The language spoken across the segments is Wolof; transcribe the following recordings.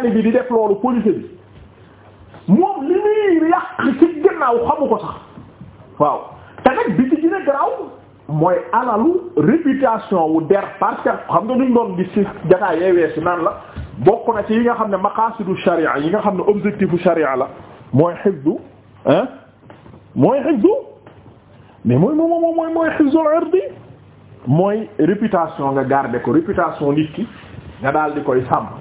tali di def loolu police bi moom li muy yàq ci gannaaw xamu ko sax waaw te nag bi ci gën a mooy alalu réputation wu der parce que xam nga ñu doon gis ci jataay yee weesu naan la bokk na ci yi nga xam ne maqaasidu sharia yi nga xam ne objectifu sharia la mooy hifdu hein mooy hifdu mais mooy moom moom mooy mooy hifzul mooy réputation nga garder ko réputation nit ki nga daal di koy sàmm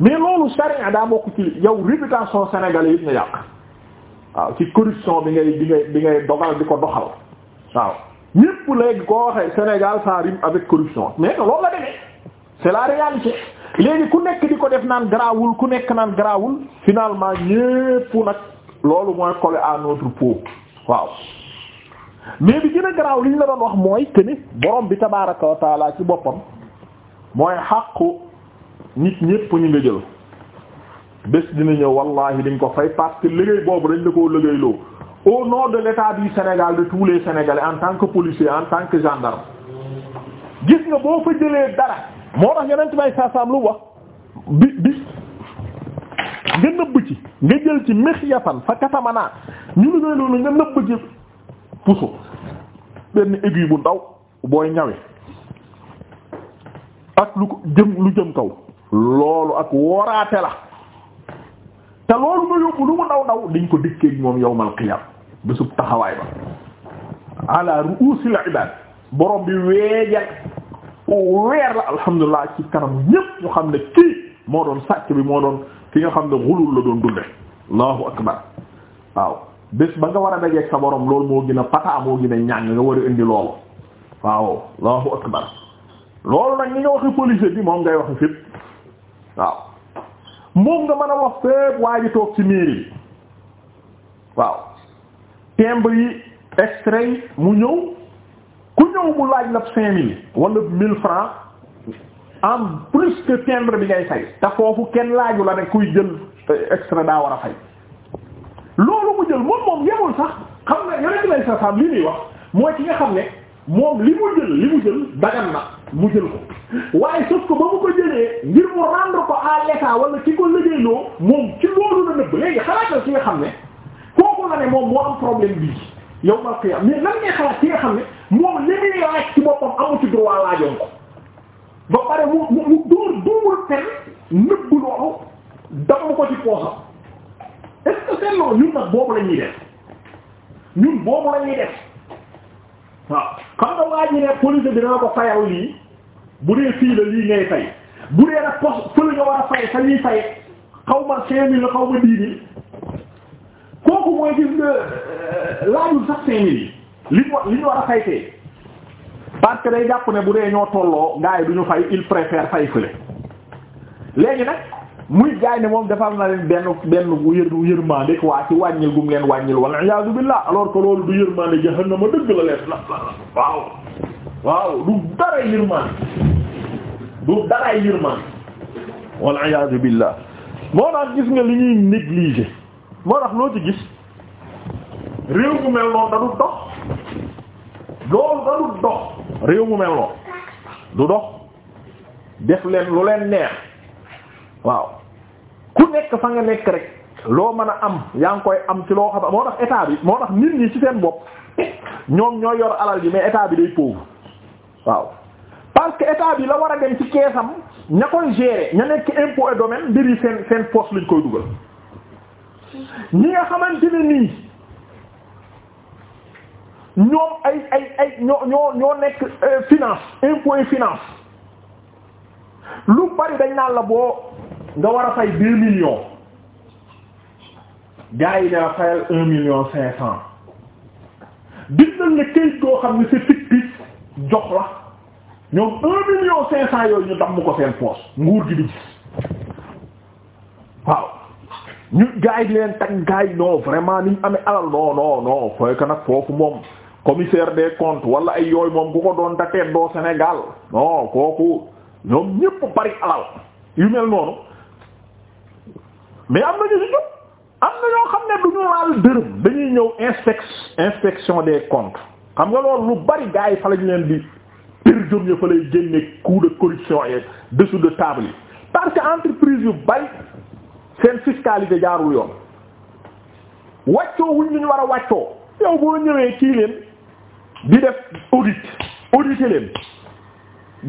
mais loolu charia daa bokk ci yow réputation sénégalais yëpp nga yàq waaw ci corruption bi ngay bi ngay bi ngay dogal di ko doxal waaw ñépp léegi koo waxee Sénégal ça rime avec corruption mais loolu la demee c'est la léegi ku nekk di ko def naan garaawul ku nekk naan garaawul finalement ñépp nag loolu mooy coller à notre peau waaw mais bi gën a garaaw li ñu doon wax mooy que ni borom bi tabaaraka wa ci boppam mooy xàqu nit ñépp ñu nga jël bés dina ñëw wallahi dañ ko fay parce que liggéey boobu dañ la koo liggéeyloo loo nom de l'état du Sénégal de tous les en tant que policier en tant que gendarme gis nga boo fa jëlee dara moo tax yeneen may saasaam lu wax bi bi nga nëbb ci nga jël ci mexiyatan fa katamanaa ñu liggéey loolu nga nëbb ci puso benn aiguille bu ndaw booy ñawe ak lu ko jëm lu jëm kaw loolu ak wooraate la te loolu nga yóbbu lu mu daw daw dañ ko dëkkee moom yawmal qiyam bésub taxawaay ba ala ru'usil ibad borom bi weejal weer la alhamdulilah ci kanam ñépp ñu xam ne kii moo doon sàcc bi moo doon ki nga xam ne xulul la doon dunde allahu akbar waaw bés ba nga war a dajeeg sa borom loolu moo gën a pataa moo gën a ñàng nga war a indi loolu waaw allahu akbar loolu nag ni nga waxe police bi moom ngay waxe fépp waaw moom nga man a wax fépp waa toog ci mairie bi waaw timbre yi extrait yi mu ñëw ku ñëw mu laaj la cinq mille wala mille francs en plus que timbre bi ngay fay te foofu kenn laaju la ne kuy jël extrait daa war a fay loolu mu jël moom moom yemul sax xam na yonent lay sa sam li muy wax mooy ki nga xam ne moom li mu jël li mu jël dagan na mu jël ko waaye sauf que ba mu ko jëlee ngir mu rendre ko à l'état wala ki ko liggéeyloo moom ci loolu la nëbb léegi xalaatal ci nga xam ne kooku la ne moom moo am problème bi yow mal qiyam mais xam ne moom li muy boppam amu ci droit laajoon ko pare mu mu dóor dóor ko ci poosam est-ce que seen loolu ñun nag boobu la ñuy def ñun boobu la def waaw xam nga waa ji police bi dina ko fayal lii bu dee fii la lii ngay fay bu dee nag pos fële nga war fay sa xaw ma cinq mille xaw ma dix mille kooku mooy gis nga euh, laajul sax cinq mille li mu li ñu war a fay tey parce day jàpp ne bu dee ñoo tolloo gars yi du ñu fay il préfère fay fële léegi nag muy gaay ne moom defal na leen benn benn yër yërmande waa ci wàññil gum leen wàññil wala iyaazu billah alors que loolu du yërmande jahannama dëgg la leen waaw waaw du dara yërmande du daraay yërmaan wal iyaadu billah moo tax gis nga li ñuy négliger moo tax loo ci gis réew mu mel noonu da du dox loolu da du dox réew mu mel noonu du dox def leen lu leen neex waaw ku nekk fa nga nekk rek loo mën a am yaa ngi koy am ci loo xam moo tax état bi moo tax nit ñi ci seen bopp ñoom ñoo yor alal yi mais état bi day pauvre waaw parce que état bi la war a dem ci keesam ña koy gérer ña nekk impôt et domaine mbir yi seen seen poste lañ koy dugal ñi nga xamante ne nii ñoom ay ay ñoo ñoo nekk euh, finance impôt et finance lu bari dañ naan la boo nga war a fay deux millions gars yi daa fayal un million cinq cent bindal ne këyit goo xam ne c'est fictif jox la ñoom un million cinq cent yooyu ñu damm ko seen poos nguur gi waaw ñu gaay di leen tag gaay non vraiment ni ñu amee alal non non non fooy que nag foofu moom commissaire des comptes wala ay yooyu moom ku ko doon dateet doo Sénégal non kooku ñoom ñëpp bari alal yu mel noonu mais am nañu si jot am na ñoo xam ne du ñu laal dërëm dañuy ñëw inspection inspection des comptes xam nga loolu lu bari gaay fa lañu leen bi pér jom ya fa lay génne coup de corruption yeeg dessous de table parce entreprise yu bari seen fiscalité jaarul yoon wàccoo wuñ lu ñu war a wàccoo yow boo ñëwee kii leen di def audit auditer leen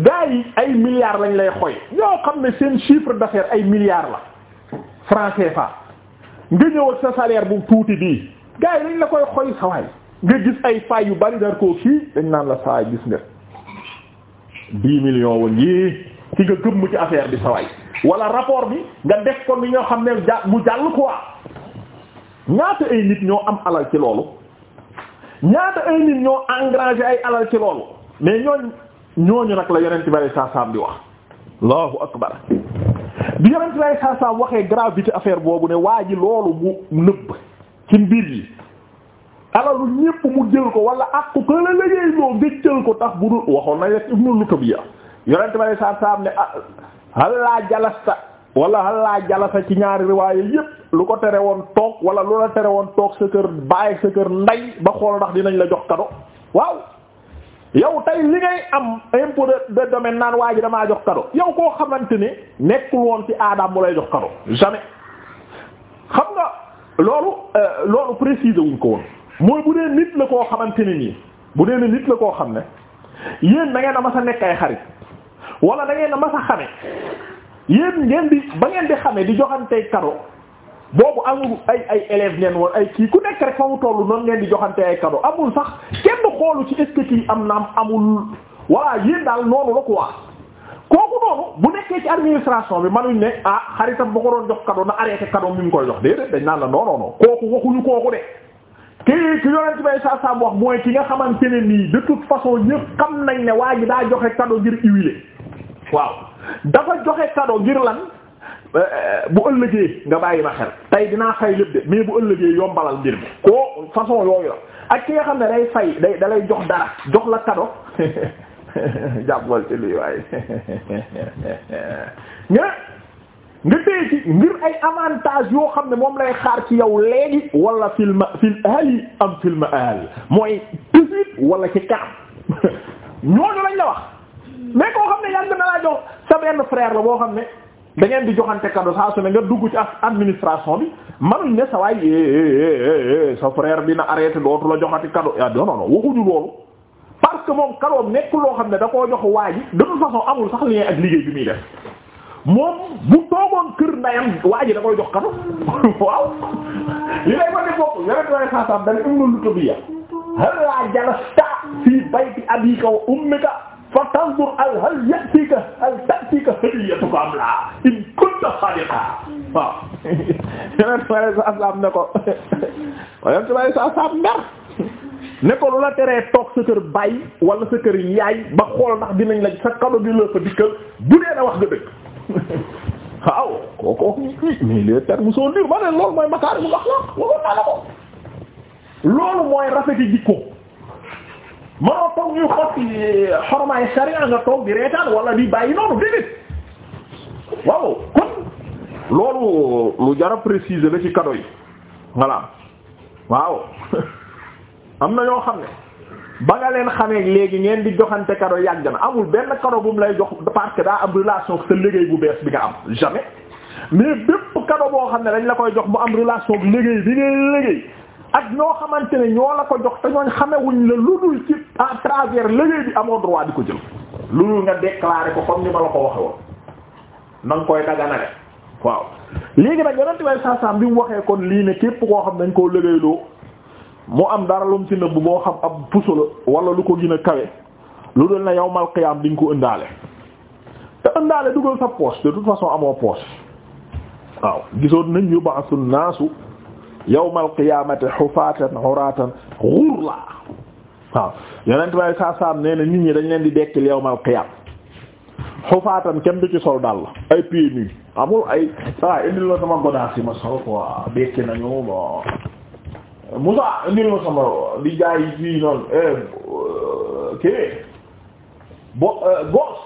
gars yi ay milliards lañ lay xoy ñoo xam ne seen chiffre d'affaires ay milliards la franc fa nga ñëw ak sa salaire bu tuuti bii gars yi lañ la koy xoy sawaay nga gis ay fay yu bari dar koo kii dañ naan la sawaay gis nga dix millions wa ngi ci nga gëmm ci affaire bi saway wala rapport bi nga def ko ni ñoo xam ne mu jàll quoi ñaata ay nit ñoo am alal ci loolu ñaata ay nit ñoo engrangé ay alal ci loolu mais ñooñ ñooñu nag la yonent bi saa saam bi wax allahu akbar bi yonent bi saa waxee gravité affaire boobu ne waa ji loolu mu nëbb ci mbir yi alalu ñépp mu jël ko wala àqu ko la liggéey loo gëccal ko tax bu dul waxoon nañ rek ibnu Lutabiya yonent ba ne saab saab ne ah halaa jalasta wala halaa jalasa ci ñaari riwaaye yépp lu ko tere woon toog wala lu la tere woon toog sa kër baay sa kër nday ba xool ndax dinañ la jox kado waaw yow tey li ngay am impôt de domaine naan waa ji damaa jox kado yow koo xamante ne nekkul woon ci aadaam mu lay jox kado jamais xam nga loolu euh, loolu préciser wuñ ko woon mooy bu dee nit la koo xamante ne nii bu dee nit la koo xam ne yéen da ngeen a mas a nekk ay xarit wala da ngeen a mas a xame yéen ngeen di ba ngeen di xame di joxante kado boobu amul ay ay élèves ngeen woon ay kii ku nekk rek fa mu tollu noon ngeen di joxante ay kado amul sax kenn xoolu ci est-ce am na am amul voilà yéen daal noonu la quoi kooku noonu bu nekkee ci administration bi manuñ ne ah xaritam ba ko doon jox kado na arrêté kado mi mu koy la non non non kooku kooku kii ki yonent bay sa sam wax mooy ki nga xamante ne nii de toute façon ñëpp xam nañ ne waa ji daa joxe cadeau ngir huiler waaw dafa joxe cadeau ngir lan euh, bu ëllëgee nga bàyyi ma xel tey dinaa fay lépp de mais bu ëllëgee yombalal ngir mi façon yooyu la ak ki nga xam ne day fay day da jox dara jox la cadeau jàppal ci luy waaye nga téye ci ngir ay avantage yoo xam ne moom lay xaar ci yow léegi wala fil ma fil am fil maal mooy pisite wala ci kanam ñooñu lañ la wax mais koo xam ne yàgg na laa jox sa benn frère la boo xam ne da ngeen di joxante cadeau saa su ne nga dugg ci administration bi manuñ ne sa waay eh, eh, eh, sa frère na arrêté dootu la joxati cadeau ah non non waxuñu loolu parce que moom cadeau nekk loo xam ne da koo jox waa ji de toute façon amul sax lien ak liggéey bi muy def. moom bu toogoon kër ndayam waa ji da koy jox kado waaw li lay ko di bokk yonent way saasam dana um na lu tabiya halla jalasta fii bayti abika wa ummika fa tanzur al hal yatika hal tatika hadiyatuka am la in kunta sadiqa ko yonent way ko lu la teree toog sa kër baay wala sa kër yaay ba xool ndax dinañ la sa kado di la fa dikkal bu dee na wax nga dëgg waaw kooku mais les termes sont durs ma ne loolu mooy makaarimul axlaaq waxoon naa la ko loolu mooy rafeti jikko manoo toog ñuy xotti xormaay sariya nga toog di reetaan wala di bàyyi noonu déedéet waaw kon loolu lu jara la ci cadeau yi voilà waaw na ñoo xam ne ba nga leen xamee léegi ngeen di joxante kado yàgg na amul benn kado bu mu lay jox parce que daa am relation ak sa liggéey bu bees bi nga am jamais mais bépp kado boo xam ne dañ la koy jox mu am relation ak liggéey bi ngay liggéey ak ñoo xamante ne ñoo la ko jox te ñooñ xamewuñ la lu dul ci à travers liggéey bi amoo droit di ko jël lu dul nga déclarer ko comme ni ma la ko waxe woon na nga koy waaw léegi nag yonent way sasam bi mu waxee kon lii koo xam dañ koo liggéeyloo mu am dara lu mu ci nëbb boo xam ab puso la wala lu ko gën a kawe lu dul na yawmal qiyaam di nga ko ëndaale te ëndaale dugal sa poche de toute façon amoo poche waaw gisoon nañ yub'asu naasu yawmal qiyaamati hufaatan uratan ghurla waaw yeneen tubaab saa saam nee na nit ñi dañ leen di dekkil yawmal qiyaam xufaatan kenn du ci sol daal ay pieds nus amul ay saa indil la sama godaas ma sol quoi dekki nañu bon. Moussa indil ma sama li gars yi fii noonu eh, kii bo eh, gos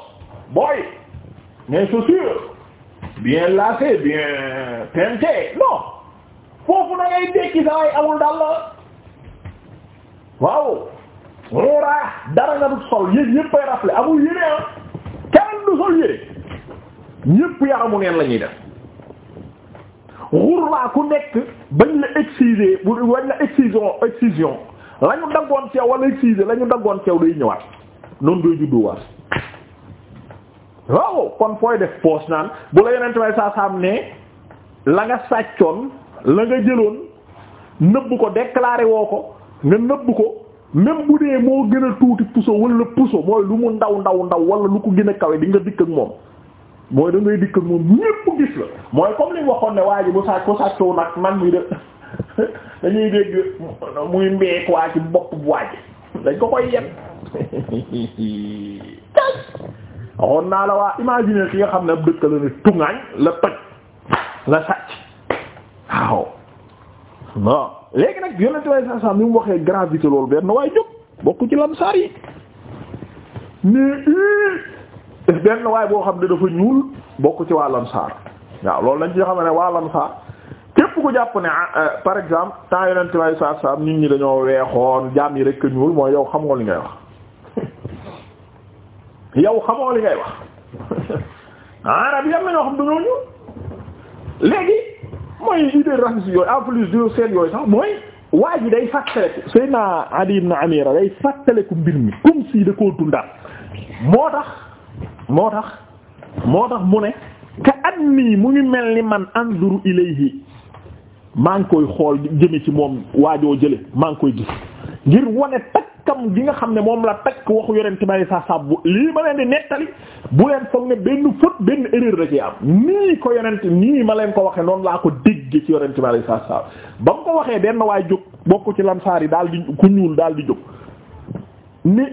boy mais chaussures bien lacées bien teintées non foofu na ngay dekki sa way amul daal la waaw ruuraa dara nga dut sol yéeg yépp ay rafle amul yére ah kenn du sol yére ñépp yaramu neen la ñuy def xurwaa ku nekk bañ la exciser bu bañ la excision excision la ñu daggoon ceew wala exciser la ñu daggoon sew day ñëwaat noonu doy judduwaat waaw kon fooy def poche naan bu la yonent may saa am ne la nga sàccoon la nga jëloon nëbb ko déclaré woo ko nga nëbb ko même bu dee moo gën a tuuti puso wala puso mooy lu mu ndaw ndaw ndaw wala lu ko gën a kawe di nga dikk ak moom mooy da ngay dikk moom ñépp gis la mooy comme li waxoon ne waa ji bu sàcc ko koy yem naa la waa ki nga xam ne ab dëkk la ne tuŋaañ mu waxee gravité loolu benn waaye jóg bokk ci lamsaar yi ne eh! benn waay boo xam ne dafa ñuul bokk ci waa Ansaar waaw loolu lañ ci xam ne waa Ansaar képp ku jàpp ne ah, euh, par exemple temps yonent way saa saa nit ñi dañoo weexoon jàmm yi rek ñuul mooy yow xamoo li ngay wax yow xamoo li ngay wax arab yam na ñoo xam dañoo ñuul léegi mooy idée raciste yooyu en plus de yooyu sax mooy waa ji day fàttaleku Seydina Adi ibn Amira day fàttaleku mbir mi comme si da koo dundaat moo tax moo tax moo tax mu ne ka anni mu ngi mel ni man anzuru ilayhi maa ngi koy xool jëme ci moom waajoo jële maa ngi koy gis ngir wane takkam gi nga xam ne moom la takk waxu yorente ma sa sab lii ma leen di nettali bu leen foog ne benn faute benn erreur da ci am nii ko yonent nii ma leen ko waxee noonu laa ko dégge ci yorente ma sa sab ba mu ko waxee benn waay jóg bokk ci lamsaar yi daal di ku ñuul daal di jóg ni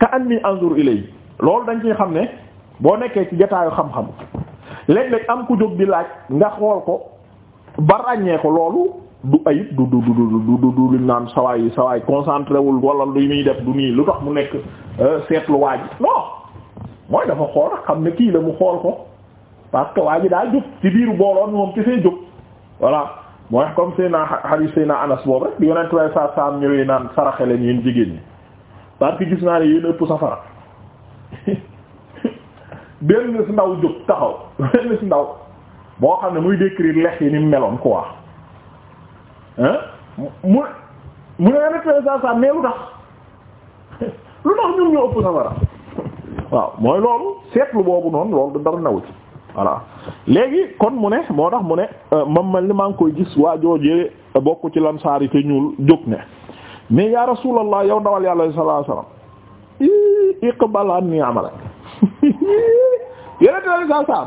ka anni anzur ilay loolu dañ ciy xam ne boo nekkee ci jataayu xam-xam léeg-léeg am ku jóg di laaj nga xool ko ba ràññee ko loolu du ayib du du du du du du luñ naan sawaay sawaay concentré wul wala lu muy def du nii lu tax mu nekk euh, seetlu waa ji mooy dafa xool xam ne kii la mu xool ko parce que waa ji daa jóg ci biir booloon moom ci see jóg voilà mooy comme seen naa xarit seen naa anas boobu rek di yonent way sa saam ñëwee naan saraxeleen yéen jigéen ñi parce que gis naa ne yéen ëpp safara benn si ndaw jóg taxaw benn si ndaw boo xam ne muy décrire lex yi ni mu meloon quoi hein mu mu ne rek sa sa mais lu tax lu tax ñun ñu ëpp safara waaw mooy loolu seetlu boobu noonu loolu da dara ci voilà léegi kon mu ne moo tax mu ne mam euh, man li maa ngi koy gis waa joojee bokk ci lan saari te ñuul jóg ne mais ya rasulallah yow dawal yàlla sallallahu alayhi wasallam iqbal anni amalak yeneen daal saa saa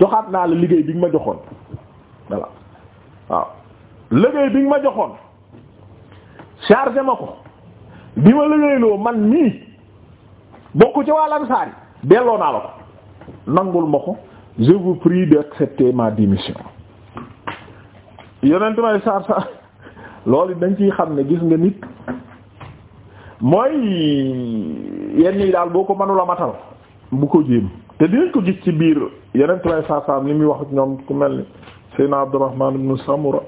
joxaat naa la liggéey bi ma joxoon voilà waaw liggéey bi ma joxoon charge ma ko bi ma liggéeyloo man nii bokk ci waa Ansaar yi delloo naa la ko nangul ma ko je vous prie d'accepter ma démission yeneen tamit saa saa. loolu dañ ci xam ne gis nga nit mooy yenn yi daal boo ko mënula matal bu ko jéem te dinañ ko gis ci biir yeneen lay saasaam li muy wax ak ñoom ku mel ni Seydina Abdurrahman ibn Samura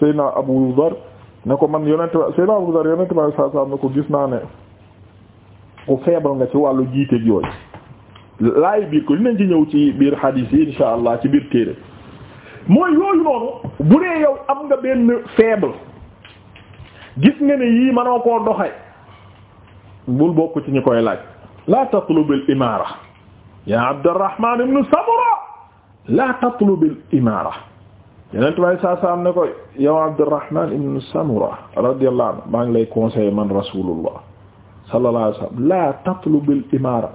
Seydina Abu Dhar ne ko man yonent Seydina Abu Dhar yonent lay saasaam ne ko gis naa ne ku feebal nga ci wàllu jiite yooyu laay biir ko dinañ ci ñëw ci biir hadis yi insha allah ci biir téere mooy yooyu noonu bu dee yow am nga benn faible gis nga ne yii manoo koo doxe bul bokk ci ñu koy laaj la tatlubil imaara ya Abdurrahman ibn Samura la tatlubil imaara yeneen tubaab saa saa ko yow Abdurrahman ibn Samura radiyallahu anhu maa ngi lay conseiller man rasulullah sallallahu alayhi wasallam la imaara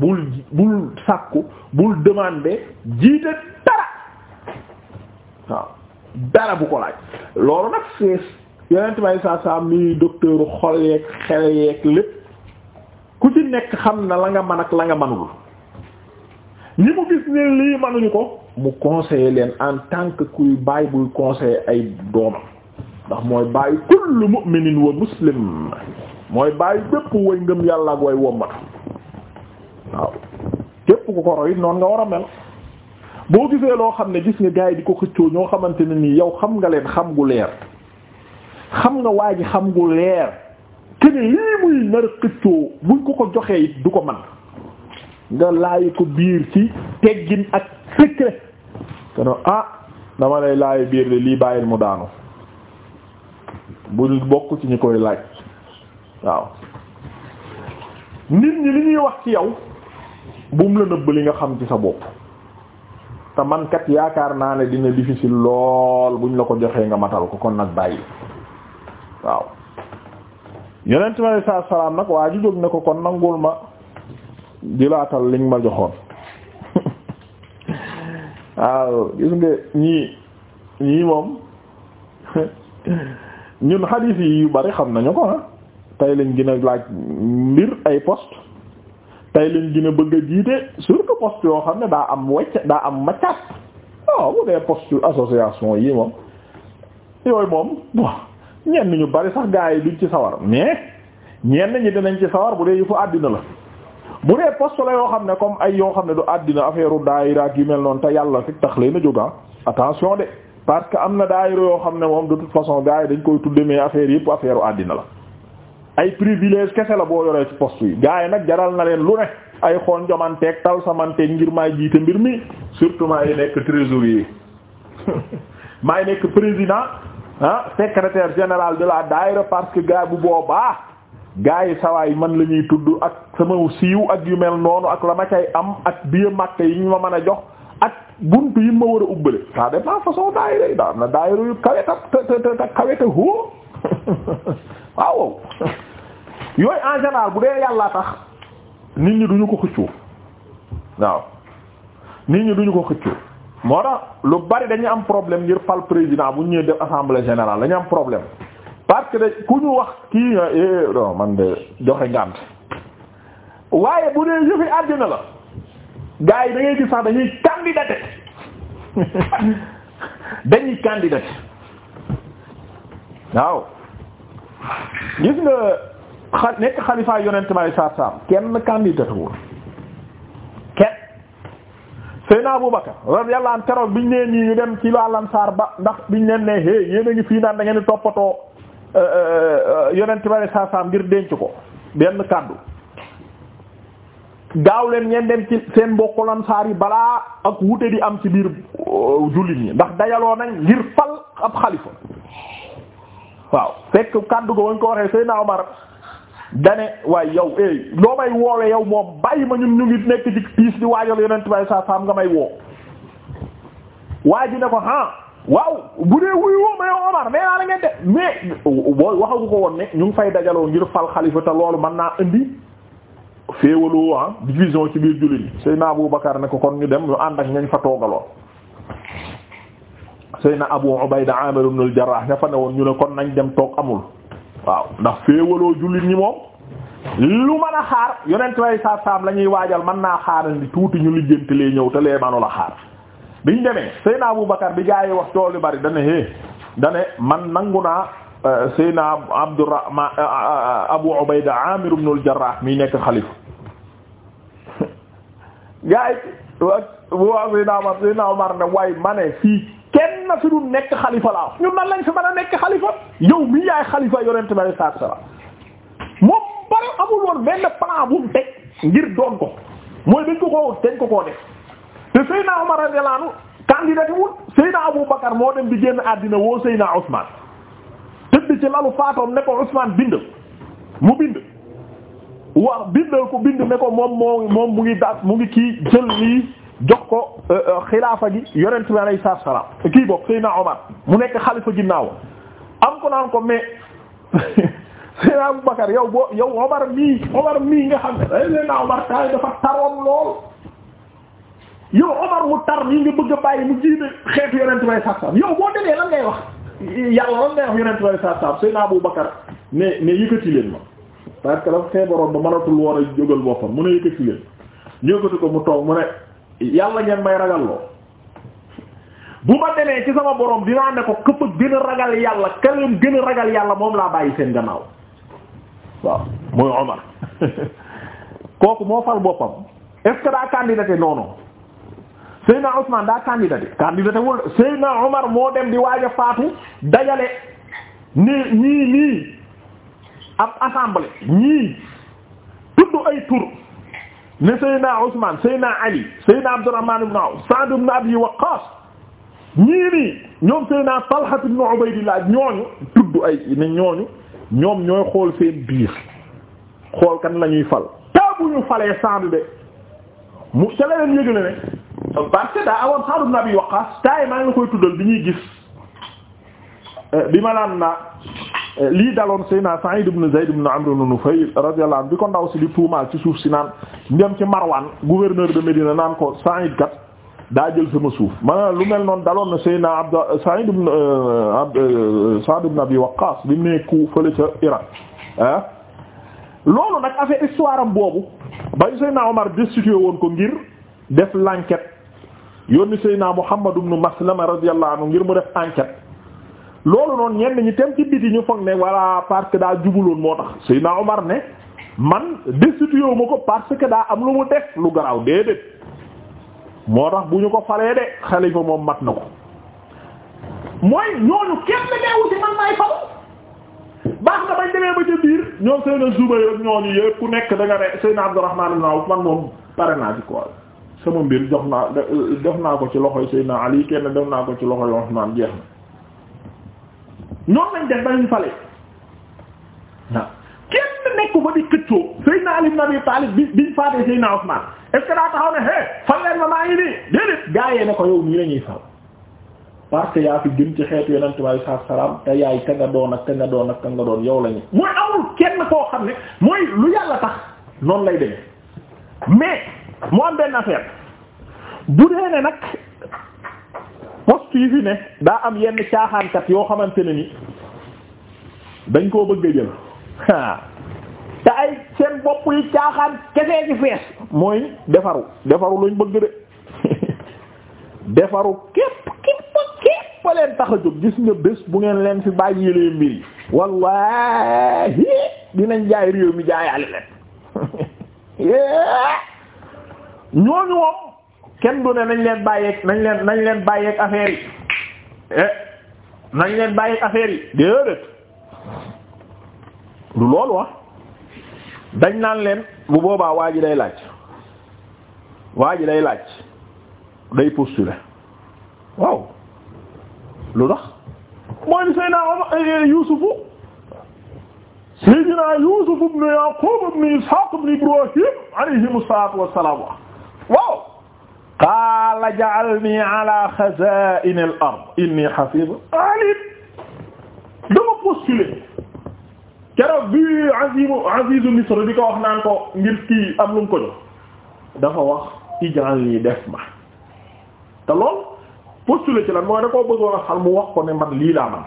bul bul sàkku bul demander jiite waaw dara bu ko laaj loolu nag fees yonent may saa saa mi docteur xol yeeg xel yeeg lépp ku ci nekk xam na la nga mën ak la nga mënul ñi mu gis ne lii mënuñu ko mu conseiller leen en tant kuy baay buy conseiller ay doomam ndax mooy baayu kullu mu'minin wa muslim mooy baayu bépp way ngëm yàlla ak way wommatu waaw képp ku ko roy noonu nga war a mel boo gisee loo xam ne gis nga gars di ko xëccoo ñoo xamante ne nii yaw xam nga leen xam gu leer xam nga waa ji xam gu leer te ne lii muy nar xëccoo buñ ko ko joxee it du ko man nga laaj ko biir ci teggin ak secret te ne ah dama lay laaj biir de lii bàyyil mu daanu bul bokk ci ñu koy laaj waaw nit ñi li ñuy wax ci yow bu mu la nëbb li nga xam ci sa bopp. te man kat yaakaar naa ne dina difficile lool buñ la ko joxee nga matal ko kon nag bàyyi waaw yonent mi alayhi salaatu nag waa ji ne ko kon nangul ma jëlaatal liñ ma joxoon waaw gis nga ñii ñii moom ñun xadiis yi yu bari xam nañu ko ah tey lañ gën a laaj mbir ay poste tey leen gën bëgg a jiite surtout poste yoo xam ne daa am wecc daa am maccaat waaw bu dee poste association yi moom yooyu moom bon ñenn ñu bari sax gaa yi duñ ci sawar mais ñenn ñi dinañ ci sawar bu dee yëfu àddina la bu dee poste la yoo xam ne comme ay yoo xam ne du àddina affaire daayira ak yu mel noonu te yàlla rek tax leen a jóga ah attention de parce que am na daayira yoo xam ne moom de toute façon gaa yi dañ koy tudde mais affaire yëpp affaire u àddina la ay privilège kese la boo yoree ci poste yi gars nag jaral na leen lu ne ay xoon jomanteeg tal samanteeg ngir maay jiite mbir mi surtout maay nekk trésorier maay nekk président ah secrétaire général de la daayira parce que gars bu boobaa gars yi sawaay man la ñuy tudd ak sama siiw ak yu mel noonu ak la ma cay am ak biir màkk yi ñu ma mën a jox ak buntu yi ma war a ubbale ça dépend façon daayira yi daa am na daayira yu kawe ta ta waaw yooyu en général bu dee yàllaa sax nit ñi duñu ko xëccoo waaw nit ñi duñu ko xëccoo moo tax lu bari dañuy am problème ngir fal président bu ñu ñëwee def assemblée générale dañu am problème parce que ku ñu wax kii eh, eh, non man de joxe waaye bu dee yëfi àddina la gars yi da ngay gis sax dañuy candidaté dañuy candidaté waaw gis nga xa nekk xalifaay yonent may saab-saab kenn candidat woon kenn Seydina Abubakar radiyallahu anhu keroog biñ nee nii ñu dem ci laalan saar ba ndax biñ leen ne hé yéen a fii naan da ngeen toppatoo euh, euh, euh, yonent may saab-saab ngir denc ko benn kàddu gaaw leen ngeen dem ci seen mbokkalan saar yi balaa ak wute di am ci biir jullit yi ndax dajaloo nañ ngir fal ab xalifa waaw fekk kàddu ko wañ ko waxee Seydina Omar dane waaye yow eh loo may woowee yow moom bàyyi ma ñun ñu ngi nekk di piis di waajal yonent bay sa am nga may woo waa ji ne ko ah waaw bu dee wuyu woo ma Omar mais naa la ngeen de mais booy waxagu ko woon ne ñu ngi fay dajaloo ngir fal xalifa te loolu mën naa indi féewaloo ah division ci biir jullit Seydina Abou Bakar ne ko kon ñu dem ñu ànd ak ñañ fa toogaloon Seyna Abu Ubayda Amir ibn al-Jarrah ña woon ñu ne kon nañ dem toog amul waaw ndax féewaloo jullit ñi moom lu mën a xaar yonent way sa saam la ñuy waajal man naa xaaral ni tuuti ñu lijjanti lee ñëw te lee manula xaar biñ demee Seyna Abu Bakar bi gaa yi wax tool yu bari dane hé dane man nangu naa eh, Seyna Abdurrahman eh, eh, Abu Ubayda Amir ibn al-Jarrah mi nekk xalifa gaa yi wax Seyna Omar ne way ma fii kenn na fi du nekk xalifa laa ñun nan lañ fi mën a nekk xalifa yow mi yaay xalifa yonent bi alayhi salaatu salaam moom bari amul woon benn plan bu mu teg ngir doon ko mooy dañ ko koo dañ ko koo def te Seydina Omar radiyallahu anhu candidat wul Abu Bakar moo dem di génn àddina woo Seydina Ousmane tëdd ci lalu faatoom ne ko Ousmane bindal mu bind waaw bindal ko bind ne ko moom moom mu ngi daas mu ngi kii jël lii jox ko euh, euh, xilaafa gi yonent bi alayhi salaam kii bokk Seydina Omar mu nekk xalifa ginnaaw am ko naan ko mais Seydina Abu Bakar yow boo yow Omar mii Omar mii nga xam ne eh, Seydina Omar yow Omar mu tar mii nga bëgg a bàyyi mu jiite xeetu yonent bi alayhi ngay wax yàlla lan ngay wax yonent bi alayhi salaam Seydina Abu Bakar ne ne yëkkati leen ma parce que dafa feebaroon ba mënatul woon a jógal boppam mu ne yëkkati leen yëkkati ko mu toog mu ne. yàlla ngeen may ragal loo bu ma demee ci sama borom dinaa ne ko këpp gën ragal yàlla këram gën ragal yàlla moom laa bàyyi seen gannaaw waaw mooy Omar kooku moo fal boppam est daa candidaté non Seyna Ousmane daa candidaté candidaté wul Seyna Omar moo dem di waaj a faatu dajale ni ñii nii ab assemblée ñii tudd ay tur ne Seyna Ousmane Seyna Ali Seyna Abdourahmane ibn Awf Sa'd ibn Abi Waqqas ñii nii ñoom Seyna Talha ibn Ubaydillah ñooñu tudd ay ne ñooñu ñoom ñooy xool seen biir xool kan la ñuy fal. te bu ñu falee Sa'd de mu ca la leen yëgale ne parce daa awoon Sa'd ibn Abi Waqqas taay maa ngi koy tuddal bi ñuy gis eh, bi ma naan naa. lii daloon Seydina Sa'id ibn Zayd ibn Amr ibn Nufayl radiyallahu bi ko ndaw si di tuumaal ci suuf si naan ndem ci Marwan gouverneur de Médina naan ko Sa'id kat daa jël sama suuf ma lu mel noon daloon na Seydina Abd euh, Sa'id ibn euh, euh, Sa'd ibn Abi Waqqas bi mu nekku fële ca Irak ah loolu nag affaire histoire am boobu ba Seydina Omar destitué woon ko ngir def l'enquête yónni Seydina Muhammad ibn Maslama radiyallahu anhu ngir mu def enquête loolu noonu ñenn ñi tem ci biti ñu foog ne walla parce que daa jubuloon moo tax Seydina Omar ne man destitué ma ko parce que daa am lu mu def lu garaaw déedéet moo tax bu ñu ko falee de xalifa moom mat na ko mooy ñooñu kenn neewu ci man maay falu baax na bañ demee ba ca biir ñoom Seydina Zubayr ak ñooñu yëpp ku nekk da nga ne Seydina Abdurrahman ibn man moom pare naa ci quoi sama mbir jox naa def naa ko ci loxoy Seydina Ali kenn def naa ko ci loxoy Usman ñoom lañ def dañu fale waaw kenn nekku ba di këccoo Seydina Ali ibn Abi Talib bi biñ faatee Seydina Ousmane est-ce daa taxaw ne hé fal leen ma nii déedéet gaa yee ne ko yow nii lañuy fal parce yaa fi gën ci xeetu yonent bi alayhi salaam te yaay ka nga doon ak ka nga doon ak ka nga doon yow lañu mooy amul kenn koo xam ne mooy lu yàlla tax noonu lay demee mais mu am benn affaire bu dee ne nag société yi fi ne daa am yenn caaxaankat yoo xamante ne ni dañ koo bëgg a jël te ay seen bopp yi caaxaan kese ci fees mooy defaru defaru lañ bëgg de defaru képp képp képp leen tax a jóg gis nga bés bu ngeen leen fi bàyyi leen mbir yi wallahi dinañ jaay réew mi jaayaale leen ñooñu moom kenn du ne nañ leen bàyyeeg nañ leen nañ leen bàyyeeg affaire yi eh nañ leen bàyyeeg affaire yi déedéet du loolu wax ah. dañ naan leen bu boobaa waa ji day laaj waa ji day laaj day m waaw lu tax mooy Seydina Omar eh, eh, Yuusufu Seydina Yuusuf ibn Yaqub ibn Ishaq ibn Ibrahim alayhimu salaatu wassalaam waaw qaala ja'alnii ala xazaa'ini al-ard innii hafiizun aliim dama postulé keroog bi azimu azizu misr di ko wax naan ko ngir kii am lu mu ko jox dafa wax ij'alnii def ma te lool postulé ci lan mooy da koo bëggoon a xal mu wax ko ne man lii laa man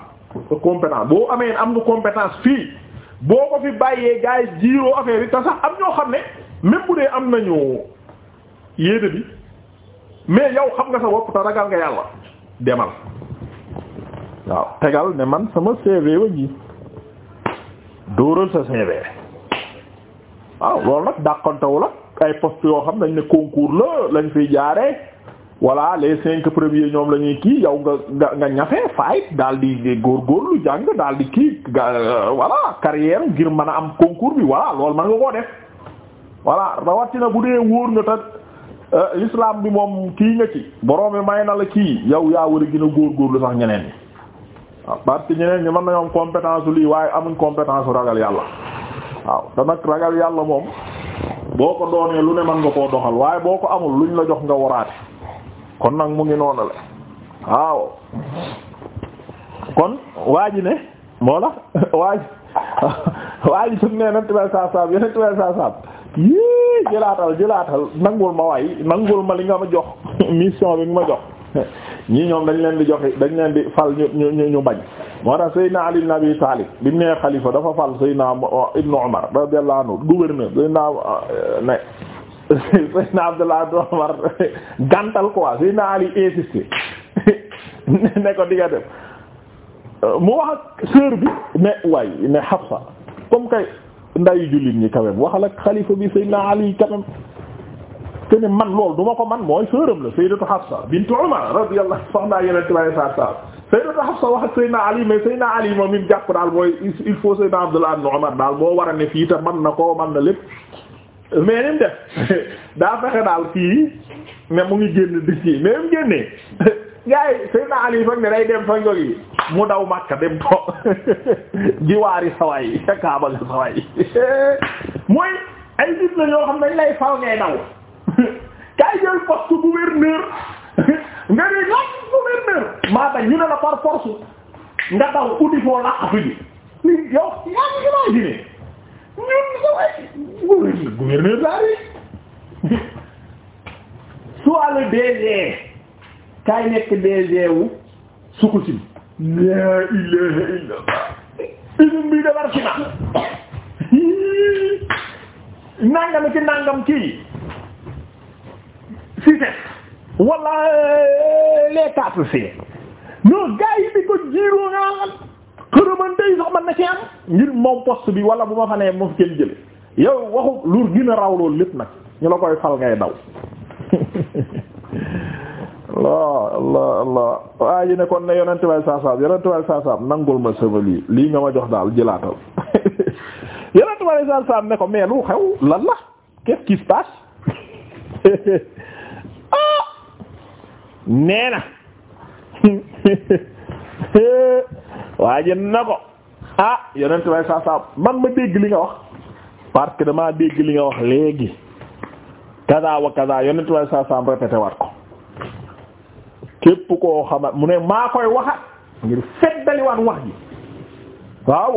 compétence boo amee am nga compétence fii boo ko fi bàyyee gars yi jiiroo affaire yi te sax am ñoo xam ne mépp dee am nañu yéene bi mais yow xam nga sa bopp te ragal nga yàlla demal waaw tegal ne man sama CV wa ji dóoral sa CV waaw loolu nag dàqantawu la ay poste yoo xam dañ ne concours la lañ fiy jaaree voilà les cinq premiers ñoom la ñuy kii yow nga nga ñafe faay daal di góor góorgóorlu jàng daal di kii euh, voilà carrière ngir mën a am concours bi voilà loolu man nga koo def voilà rawatina bu dee wóor nga ta Euh, lislaam bi moom kii nga ci borom may na la kii yow yaa war a gën a góorgóorlu sax ñeneen ñi waaw ñeneen ñi mën na ñoom compétence lii waaye amuñ compétence ragal yàlla waaw te ragal yàlla moom boo ko doonee lu ne mën nga koo doxal waaye boo ko amul ñu la jox nga waraate kon nag mu ngi noonu la waaw kon waa ne moo la waa waaye a tibay saa saab yii jëlaatal jëlaatal nangul ma waay nangul ma li nga ma jox mission bi nga ma jox ñii ñoom dañ leen di joxe dañ leen di fal ñu ñu ñu bañ moo tax Seydina Ali ibn Abi Talib bi mu nee xalifa dafa fal Seydina uh, Ibn Umar radiyallahu anhu gouverneur Seydina uh, ne Seydina Abdullah ibn Umar gàntal quoi Seydina Ali insisté ne ko di nga uh, mu wax ak sœur bi ne waay ne Hafsa comme kay ndayu jullit ñi quand même a ak xalifa bi Seydina Ali quand même man loolu du ma ko man mooy sëram la Sayyidatu Hafsa bintu Umar radiyallahu soxnaa yenente bàyyi sa sar Sayyidatu Hafsa wax ak Seydina Ali mais Seydina Ali moom mi jàpp daal mooy il faut Seydina Abdullah ibn Umar daal boo war a ne fii te man na ko man na lépp mais ni mu def daa fexe daal kii mais mu ngi génn di ci mais mu génnee gars yi Seydina Ali fag ne day dem fa njog yi mu daw Makka dem to jiwaari sawaay ca Kaaba ga mooy ay nit la ñoo xam lay fal ngay daw kay jël poste gouverneur nga ne laaj gouverneur maa bañ ñu ne la par force nga daw uti foo làqatu ji li yow yaa ngi imaginer ñun saway gouverneur gouverneur daal yi soit le DG kaay nekk DG wu Sococim. laa ilaaha illallaah. usine bi defar na. nangam ci nangam kii. Cissé. wala les quatre C. non gars yi di ko jiiroo nga xam. xërëmante yi sax man na ci am. ngir moom poste bi wala bu ma fa nee moom kenn jële yow waxu lu gën a raw loolu lépp nag ñu la koy fal ngay daw. allah allah allah waa ji ne kon ne yonent bay saasaam yonent bay saasaam nangul ma sëmal lii nga ma jox daal jëlaatal yonent bay saasaam ne ko mais xew lan la qu'est-ce ah! nee na waa ji na ko ah yonent bay saasaam man ma dégg li nga wax parce damaa dégg li nga wax léegi kaza wa kaza yonent bay saasaam répété waat ko képp koo xama mu ne maa koy waxat ngir feddaliwaat wax ji waaw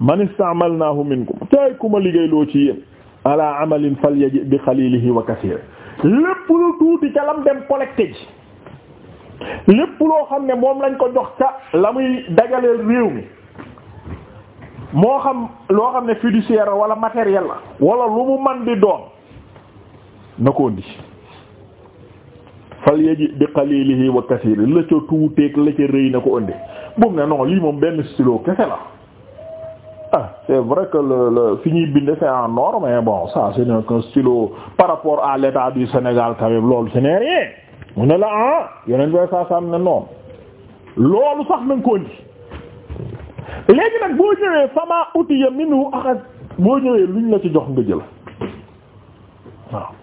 man istaamalnaahu minkum tay ku ma liggéey loo ci yéen ala amalin falyaji bi xalilihi wa kasiir lépp lu tuuti ca lam dem collecté ji lépp loo xam ne moom lañ ko jox ca la muy dajaleel réew mi moo xam loo xam ne fiduciaire wala matériel la wala lu mu man di doon na ko ndi fal yaji bi qalilihi wa kasiri la ca tuuteeg la ca rëy na ko ëndi bumu ne non lii moom benn stylo kese la ah c'est vrai que le fi ñuy binde c'est en or bon ça c'est un stylo par rapport à l'état du Sénégal quand même loolu ce n'est mu ne la ah yeneen way saa sam ne noonu loolu sax na nga ko ëndi léegi nag boo ñëwee fama utiya minhu axad boo ñëwee luñ la ci jox nga jël waaw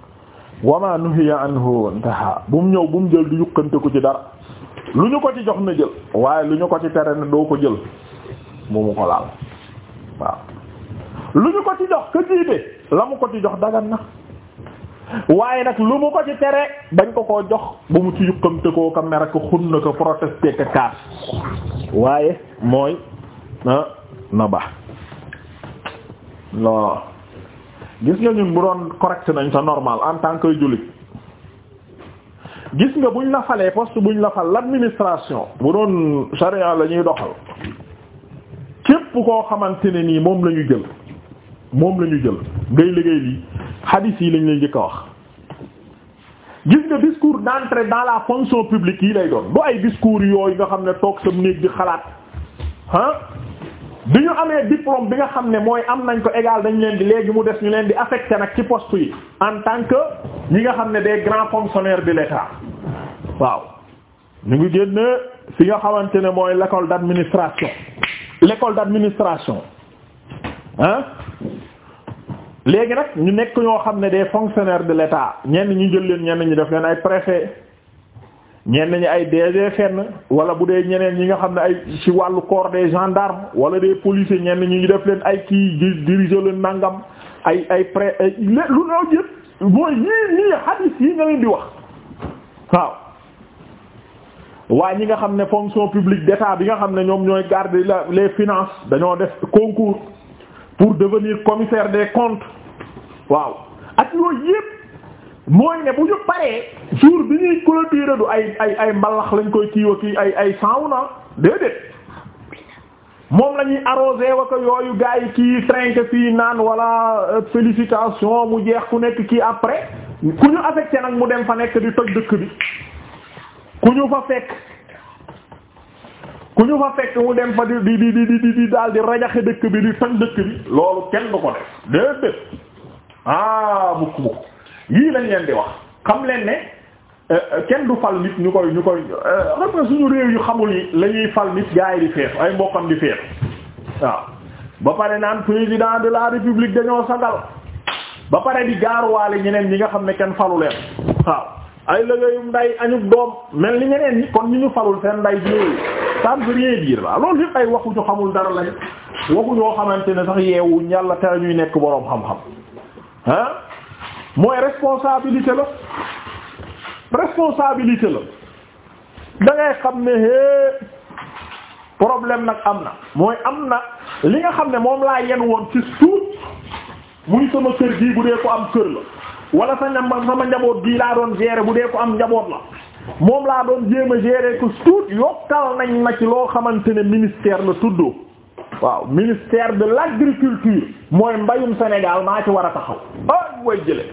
wama nuhiya anhu intaha bu mu ñëw bu mu jël di yukkante ko ci dara lu ñu ko ci jox na jël waaye lu ñu ko ci tere na doo ko jël mu mu ko laal waaw lu ñu ko ci jox ka jiite la mu ko ci jox dagan waaye nag lu mu ko ci tere bañ ko koo jox bu mu ci yukkante koo ka mer ko xun na ko protester ka kaas waaye mooy na ah, na ba gis nga ñun bu doon correct nañ sa normal en tant que jullit gis nga buñ la falee poste buñ la fal l'administration bu doon charia la ñuy doxal képp koo xamante ne nii moom la ñu jël moom la ñu jël ngay liggéey lii hadis yi lañ lay jëkk a wax gis nga discours d'entrée dans la fonction publique yi lay doon bu ay discours yooyu nga xam ne toog sa néeg di xalaat ah bi ñu amee diplôme bi nga xam ne mooy am nañ ko égal dañ leen di léegi mu des ñu leen di affecté nag ci poste yi en tant que ñi nga xam ne des grands fonctionnaires de l'État waaw ñu ngi génne fi nga xamante ne mooy l'école d'administration l'école d'administration hein léegi nag ñu nekk ñoo xam ne des fonctionnaires de l'État ñenn ñu jël leen ñenn ñu def leen ay préfet ñenn ñi ay DG fenn wala bu dee ñeneen ñi nga xam ne ay ci wàllu corps des gendarmes wala des policiers ñeen ñi ñu def leen ay kii diriger leen nangam ay ay pré ay lu ñoo jëpp mooy ñii ñii hadis yi nga di wax waaw waa ñi nga xam ne fonction publique d'État bi nga xam ne ñoom ñooy garder la les finance dañoo def concours pour devenir commissaire des comptes waaw ak yooyu yépp mooy ne bu ñu paree jour bi ñuy clôturer du ay ay ay mbalax lañ koy kiiwa kii ay ay sauna déedéet moom la ñuy arrosé wa ko yooyu gars yi kii trinque fii naan wala euh, félicitation mu jeex ku nekk kii après ku ñu affecté nag mu dem fa nekk di toj dëkk bi ku ñu fa fekk ku ñu fa fekk mu dem fa di di di di di daal di rajaxe dëkk bi di toj dëkk bi loolu kenn du ko def déedéet ah mukk mukk yii lañ leen di wax xam leen ne euh, euh, kenn du fal nit ñu koy ñu koy euh, xam suñu réew yu xamul yi la ñuy fal nit gars yi di feetu ay mbokkam di feetu waaw ba pare naan président de la république dañoo sagal ba pare di gaaruwaale ñeneen ñi nga xam ne kenn falu leen waaw ay lëgëyum nday añub doom mel ni ñeneen ñi kon ñu ñu falul seen nday jiwee ça ne veut rien dire la loolu lépp ay waxuñu xamul dara lañ waxu ñoo xamante ne sax yeewu yàlla tere ñuy nekk boroom xam mooy responsabilité la responsabilité la da ngay xam ne hé problème nag am na mooy am na li nga xam ne moom laa yen woon ci suuf muy sama kër gii bu dee ko am kër la wala sa ñam sama njaboot gii laa doon gérer bu dee ko am njaboot la moom laa doon jéem a gérer ko suut yokkal nañ ma ci loo xamante ne ministère la tuddoo waaw ministère de l'agriculture mooy mbayum Sénégal maa ci war a taxaw ah way jële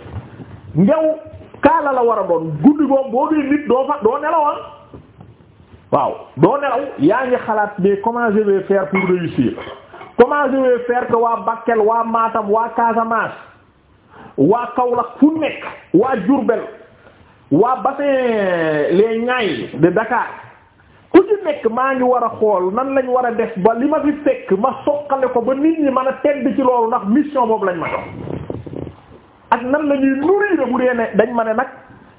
ngew kaala la war a doon guddi boobu boo dee nit doo fa doo nelawoon ah. waaw doo nelaw yaa ngi xalaat bi comment je vais faire pour réussir comment je vais faire waa Bakel waa maatam waa Casamance waa Kaolack fu nekk waa Diourbel waa bassin les Niayes de Dakar ku ci nekk maa ngi war a xool nan lañ war a def ba li ma fi fekk ma soqale ko ba nit ñi man a tedd ci loolu ndax mission boobu lañ ma jox nan la ñuy nourrir bu dee ne dañ ma nag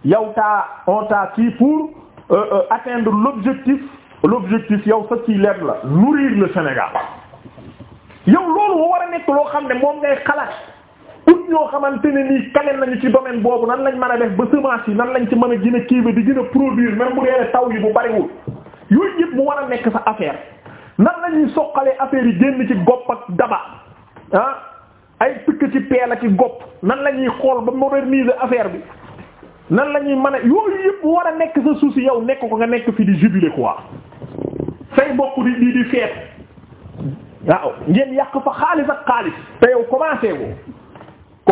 yow taa on taa kii pour euh, euh, atteindre l'objectif l'objectif yow sa ci leer la nourrir le Sénégal yow loolu war a nekk loo xam ne moom ngay xalaat ut ñoo xamante ne nii kale nañu ci domaine boobu nan lañ mën a def ba semence yi nan lañ ci mën a gën a kiiba di gën a produire même bu dee taw yi bu bariwul yooyu yëpp mu war a nekk sa affaire nan lañuy soqalee affaire yi génn ci gopp ak daba ah ay pikk ci peel ak i gopp nan la ñuy xool ba moderniser affaire bi nan la ñuy mën a yooyu yëpp war a nekk sa souci yow nekk ko nga nekk fi di ko quoi say bokk di lii di feet waaw ngeen yàq fa xaalis ak xaalis te yow commencé ko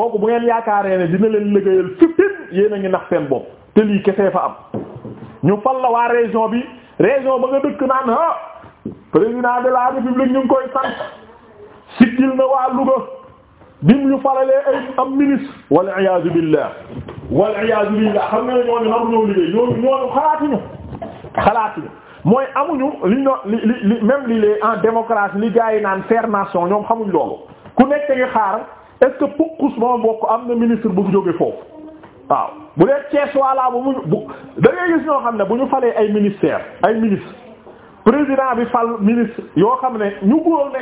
kooku bu ngeen yaakaaree ne dina leen liggéeyal fifteen yéen a ngi nax seen bopp te lii kese fa am ñu fal la waa région bi région ba nga dëkk naan ah président de la république ñu ngi koy sant siggil na waa Louga bim ñu faralee ay am ministre wal iyaazu billah wal iyaazu billah xam nga ne ñooñu naru ñoo liggéey ñooñu ñooñu xalaatuñu mooy amuñu li ñu li li même li lee en démocratie li gars yi naan faire nation ñoom xamuñ loolu ku nekk nga xaar est ce que pukkus bokk am na ministre bu jóge foofu waaw bu dee Thiès wala bu bu da gis ñoo xam ne bu ñu falee ay ministère ay ministre président bi fal ministre yoo xam ne ñu góor ne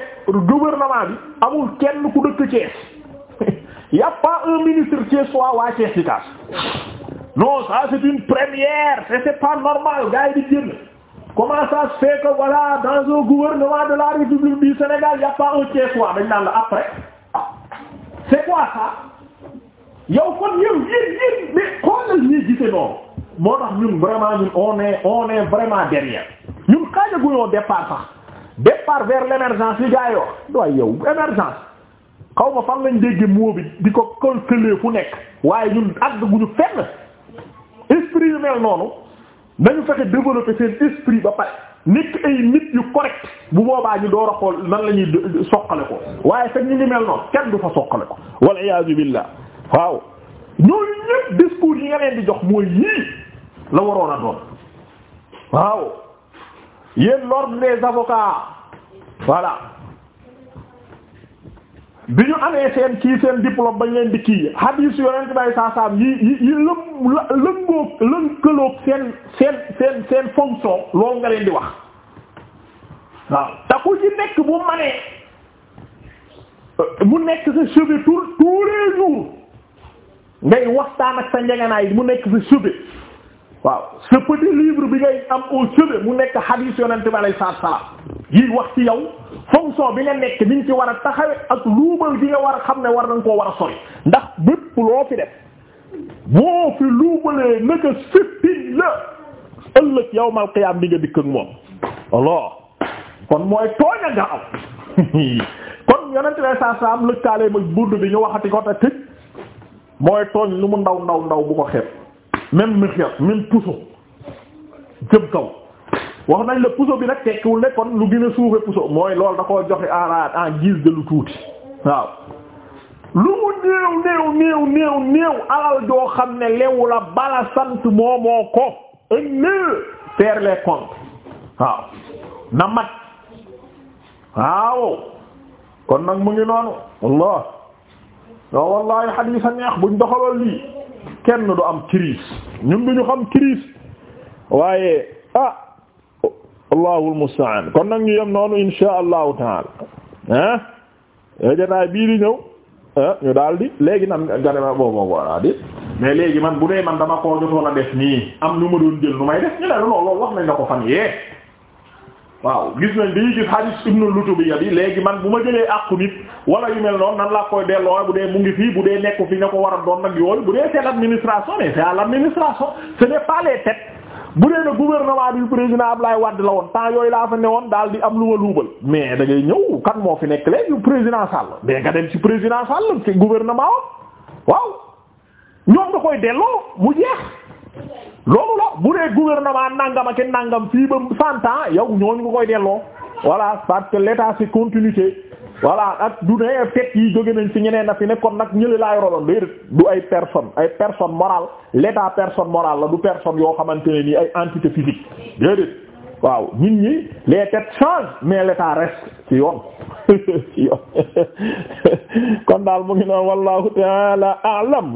gouvernement bi amul kenn ku dëkk y a pas un ministre qui soit waa ci non ça c'est une première et c'est pas normal gars di génn comment ça se fait dans un gouvernement de la République du Sénégal y a pas un Thiessois dañ naan la après c'est quoi ça yow kon yow yéen yéen mais xoolal ñuy gisee noonu moo tax ñun vraiment ñun on est on est vraiment derrière ñun xaajaguñoo départ sax départ vers l'émergence yi gars yi wax waaye yow émergence xaw ma fan lañ dégg moo bi di ko calculer fu nekk waaye ñun àgg guñu fenn esprit yu mel noonu nañu fexe développer seen esprit ba pare nekk ay nit yu correct bu boobaa ñu door a xool nan la ñuy soqale ko waaye fekk ñu ngi mel noonu kenn du fa soqale ko walla iyaazu waaw ñooñu ñëpp di jox mooy yii la waroon a doon waaw yéen l'ordre des avocats voilà bi ñu amee seen kii seen diplôme bañ leen di kii hadis yonent bay saasaam yi yi yi lëm la lëngoog lënkaloog seen seen seen seen fonction loolu nga leen di wax waaw te ku ci nekk bu manee mu nekk sa chevet tous tous les jours ngay waxtaan ak sa njeganaay mu nekk sa chevet waaw ce petit livre bi ngay am au chevet mu nekk hadith yonent bi alayhi salaam yi wax ci yow fonction bi nga nekk ni ci war a taxawe ak luubal gi nga war a xam ne war nañ koo war a sori ndax bépp loo fi def boo fi luubalee naka séppi la ëllëg yawmal qiyaam bi nga dikk ak moom alors kon mooy tooñ nga am kon yonent bi alayhi salaam lëkkaalee ma budd bi ñu waxati ko te tëj mooy tooñ lu mu ndaw ndaw ndaw bu ko xeeb même mixir même puso jëm kaw wax nañ la puso bi nag tekkiwul ne kon lu gën a suufe puso mooy loolu da koo joxe en guise de lu tuuti waaw lu mu néew néew néew néew alal joo xam ne lewu la bala sant moomoo ko ak néew faire les comptes waaw na mat waaw kon nag mu ngi noonu wallah waaw wallahi xadiis a neex buñ doxalal lii kenn du am crise ñun duñu xam crise waaye ah allahul musta'an kon nag ñu yem noonu insha allahu taala ah jataay bii di ñëw eh, ñu daal di léegi nan garema boobu wara di mais léegi man bu dee man dama koo jotoon a def nii am nu ma doon jël nu may def ñu ne loolu wax nañ la ko fan yee waaw gis nañ dañuy gis hadith ibnu lutubiya bi léegi man bu ma jëlee àqu nit wala yu mel noonu nan laa koy delloo bu dee mu ngi fii bu dee nekku fi nga ko war a doon nag yooyu bu dee seen administration mais c'est à l'administration ce n'est pas les têtes bu dee ne gouvernement bi président Ablaye Wade la woon temps yooyu laa fa ne woon daal di am lu ma luubal mais da ngay ñëw kan moo fi nekk léegi président Sall mais nga dem ci président Sall ci gouvernement waaw ñoom da koy delloo mu loolu la bu dee gouvernement nangam ak nangam fii ba cent ans yow ñooñu nga koy delloo voilà parce que l'état c'est continuité voilà ak du ne fet yi jóge nañ fi ñeneen na fi nekkoon nag ñële laa yoroloon déedéet du ay personne ay personne morale l'état personne morale la du personne yoo xamante ne nii ay entité physique déedéet waaw nit ñi les têtes changent mais l'état reste ci yoon kon daal mu ngi noonu wallahu ta'ala a'lam